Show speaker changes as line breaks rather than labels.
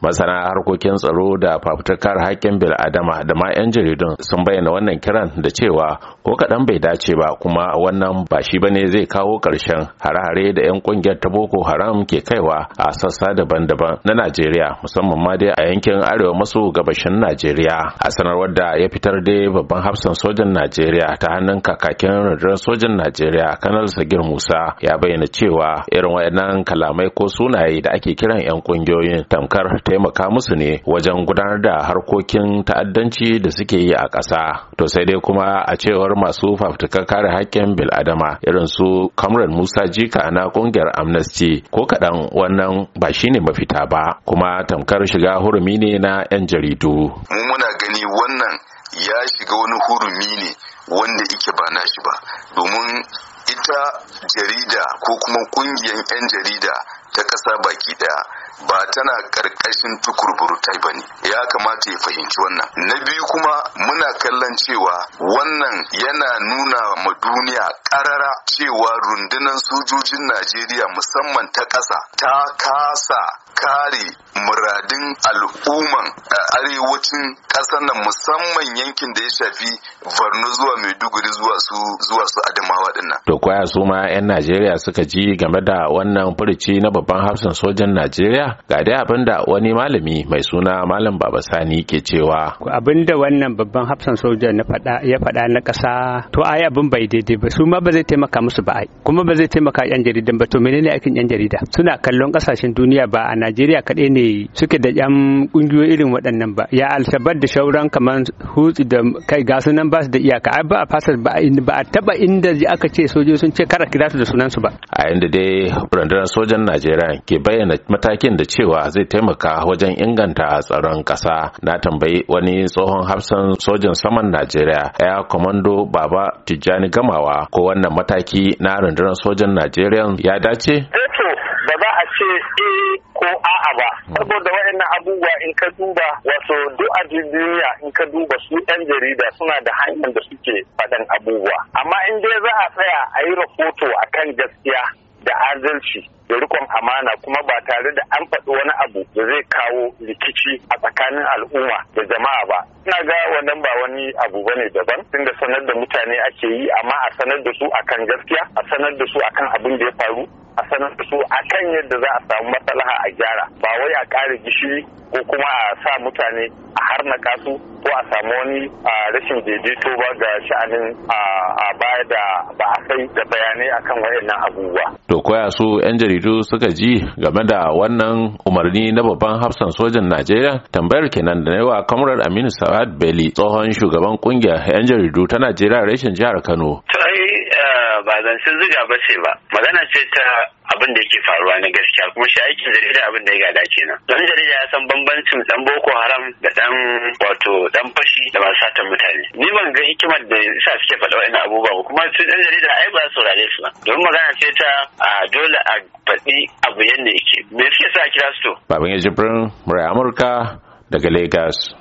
masana harkokin tsaro da fafutukar haƙƙin bil'adama da ma 'yan jaridun sun bayyana wannan kiran da cewa ko kaɗan bai dace ba kuma wannan ba shi ba ne zai kawo ƙarshen hare-hare da 'yan ƙungiyar ta boko haram ke kaiwa a sassa daban-daban na najeriya musamman ma dai a yankin arewa maso gabashin najeriya a sanarwar da ya fitar da babban hafsan sojan najeriya ta hannun kakakin rundunar sojan najeriya kanal sagir musa ya bayyana cewa irin waɗannan kalamai ko sunaye da ake kiran 'yan ƙungiyoyin tamkar taimaka musu ne wajen gudanar da harkokin ta'addanci da suke yi a ƙasa to sai dai kuma a cewar masu fafutukar kare haƙƙin bil'adama irin su kamran musa jika na ƙungiyar amnesty ko kaɗan wannan ba shi ne mafita ba kuma tamkar shiga hurumi ne na 'yan jaridu mu
muna gani wannan ya shiga wani hurumi ne wanda ike ba nashi ba domin ita jarida ko kuma ƙungiyar 'yan jarida ta ƙasa baki ɗaya ba tana karkashin tukurburutai ba ne ya kamata ya fahimci wannan na biyu kuma muna kallon cewa wannan yana nuna ma duniya karara cewa rundunar sojojin najeriya musamman ta ƙasa ta kasa kare muradin al'umman a arewacin ƙasar nan musamman
yankin da ya shafi Borno zuwa Maiduguri zuwa su zuwa su Adamawa dinnan. To kwaya su ma 'yan Najeriya suka ji game da wannan furuci na babban hafsan sojan Najeriya najeriya ga dai abin da wani malami mai suna malam baba sani ke cewa
Abinda wannan babban hafsan soja na faɗa ya fada na kasa to ai abin bai daidai ba su ma ba zai taimaka musu ba ai kuma ba zai taimaka yan jaridan ba to menene aikin yan jarida suna kallon ƙasashen duniya ba a najeriya kadai ne suke da yan kungiyoyi irin waɗannan ba ya alshabar da shauran kamar hutsi da kai ga nan ba su da iyaka ai ba a fasar ba a taba inda aka ce sojoji sun ce kar a kira su da sunan su ba
a yanda dai rundunar sojan najeriya ke bayyana matakin yakin da cewa zai taimaka wajen inganta tsaron ƙasa na tambayi wani tsohon hafsan sojan saman najeriya ya kwamando baba tijjani gamawa ko wannan mataki na rundunar sojan najeriya ya dace eh ba za a ce e ko a'a ba hmm. saboda waɗannan abubuwa
in ka duba wato duk a duniya in ka duba su yan jarida suna da hanyar da suke faɗan abubuwa amma in dai za a tsaya a yi rahoto a kan gaskiya da adalci da rikon amana kuma ba tare da an faɗi wani abu da zai kawo rikici a tsakanin al'umma da jama'a ba ina ga wannan ba wani abu bane daban da sanar da mutane ake yi amma a sanar da su akan gaskiya a sanar da su akan abin da ya faru a sanar da su akan yadda za a samu matsalaha a gyara ba wai a ƙara gishiri ko kuma a sa mutane a harnaka su ko a samu wani rashin daidaito ba ga sha'anin a baya da da bayanai akan waɗannan
abubuwa. To koya su 'yan jaridu suka ji game da wannan umarni na babban hafsan sojan Najeriya tambayar kenan da yawa kamarar Aminu Sa'ad Bello tsohon shugaban kungiyar 'yan jaridu ta Najeriya reshen jihar Kano.
ba zan sun ziga ba sai ba magana ce ta abin da yake faruwa na gaskiya kuma shi aikin jarida abin da ya gada nan don jarida ya san bambancin dan boko haram da dan wato dan fashi da masu satan mutane ni ban ga hikimar da sa suke faɗa ina abubuwa ba kuma su dan jarida ai ba saurare su ba domin magana ce ta a dole a faɗi
abu yadda yake me suke sa kira su to baban ya jibrin murai amurka daga lagos